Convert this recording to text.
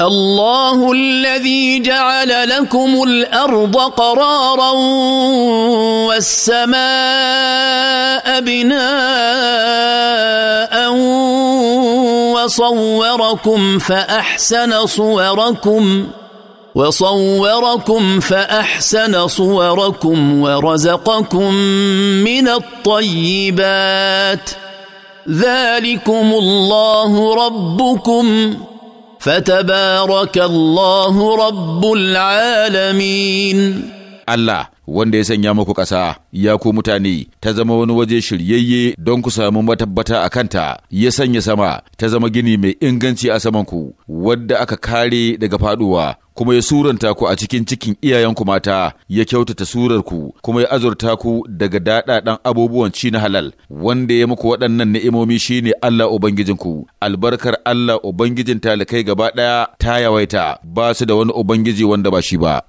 الله الذي جعل لكم الارض قرارا والسماء بناء وصوركم فاحسن صوركم وصوركم فاحسن صوركم ورزقكم من الطيبات ذلكم الله ربكم فتبارك الله رب العالمين Allah wanda ya sanya muku ƙasa ya ku mutane ta zama wani waje shiryayye don ku samu matabbata a kanta ya sanya sama ta zama gini mai inganci a samanku wadda aka kare daga faduwa kuma ya suranta ku a cikin cikin iyayenku mata ya kyautata surar ku kuma ya azurta ku daga daɗaɗan abubuwan ci na halal wanda ya muku waɗannan ni'imomi shine Allah ubangijinku albarkar Allah ubangijin talikai gaba ɗaya ta yawaita ba su da wani ubangiji wanda ba shi ba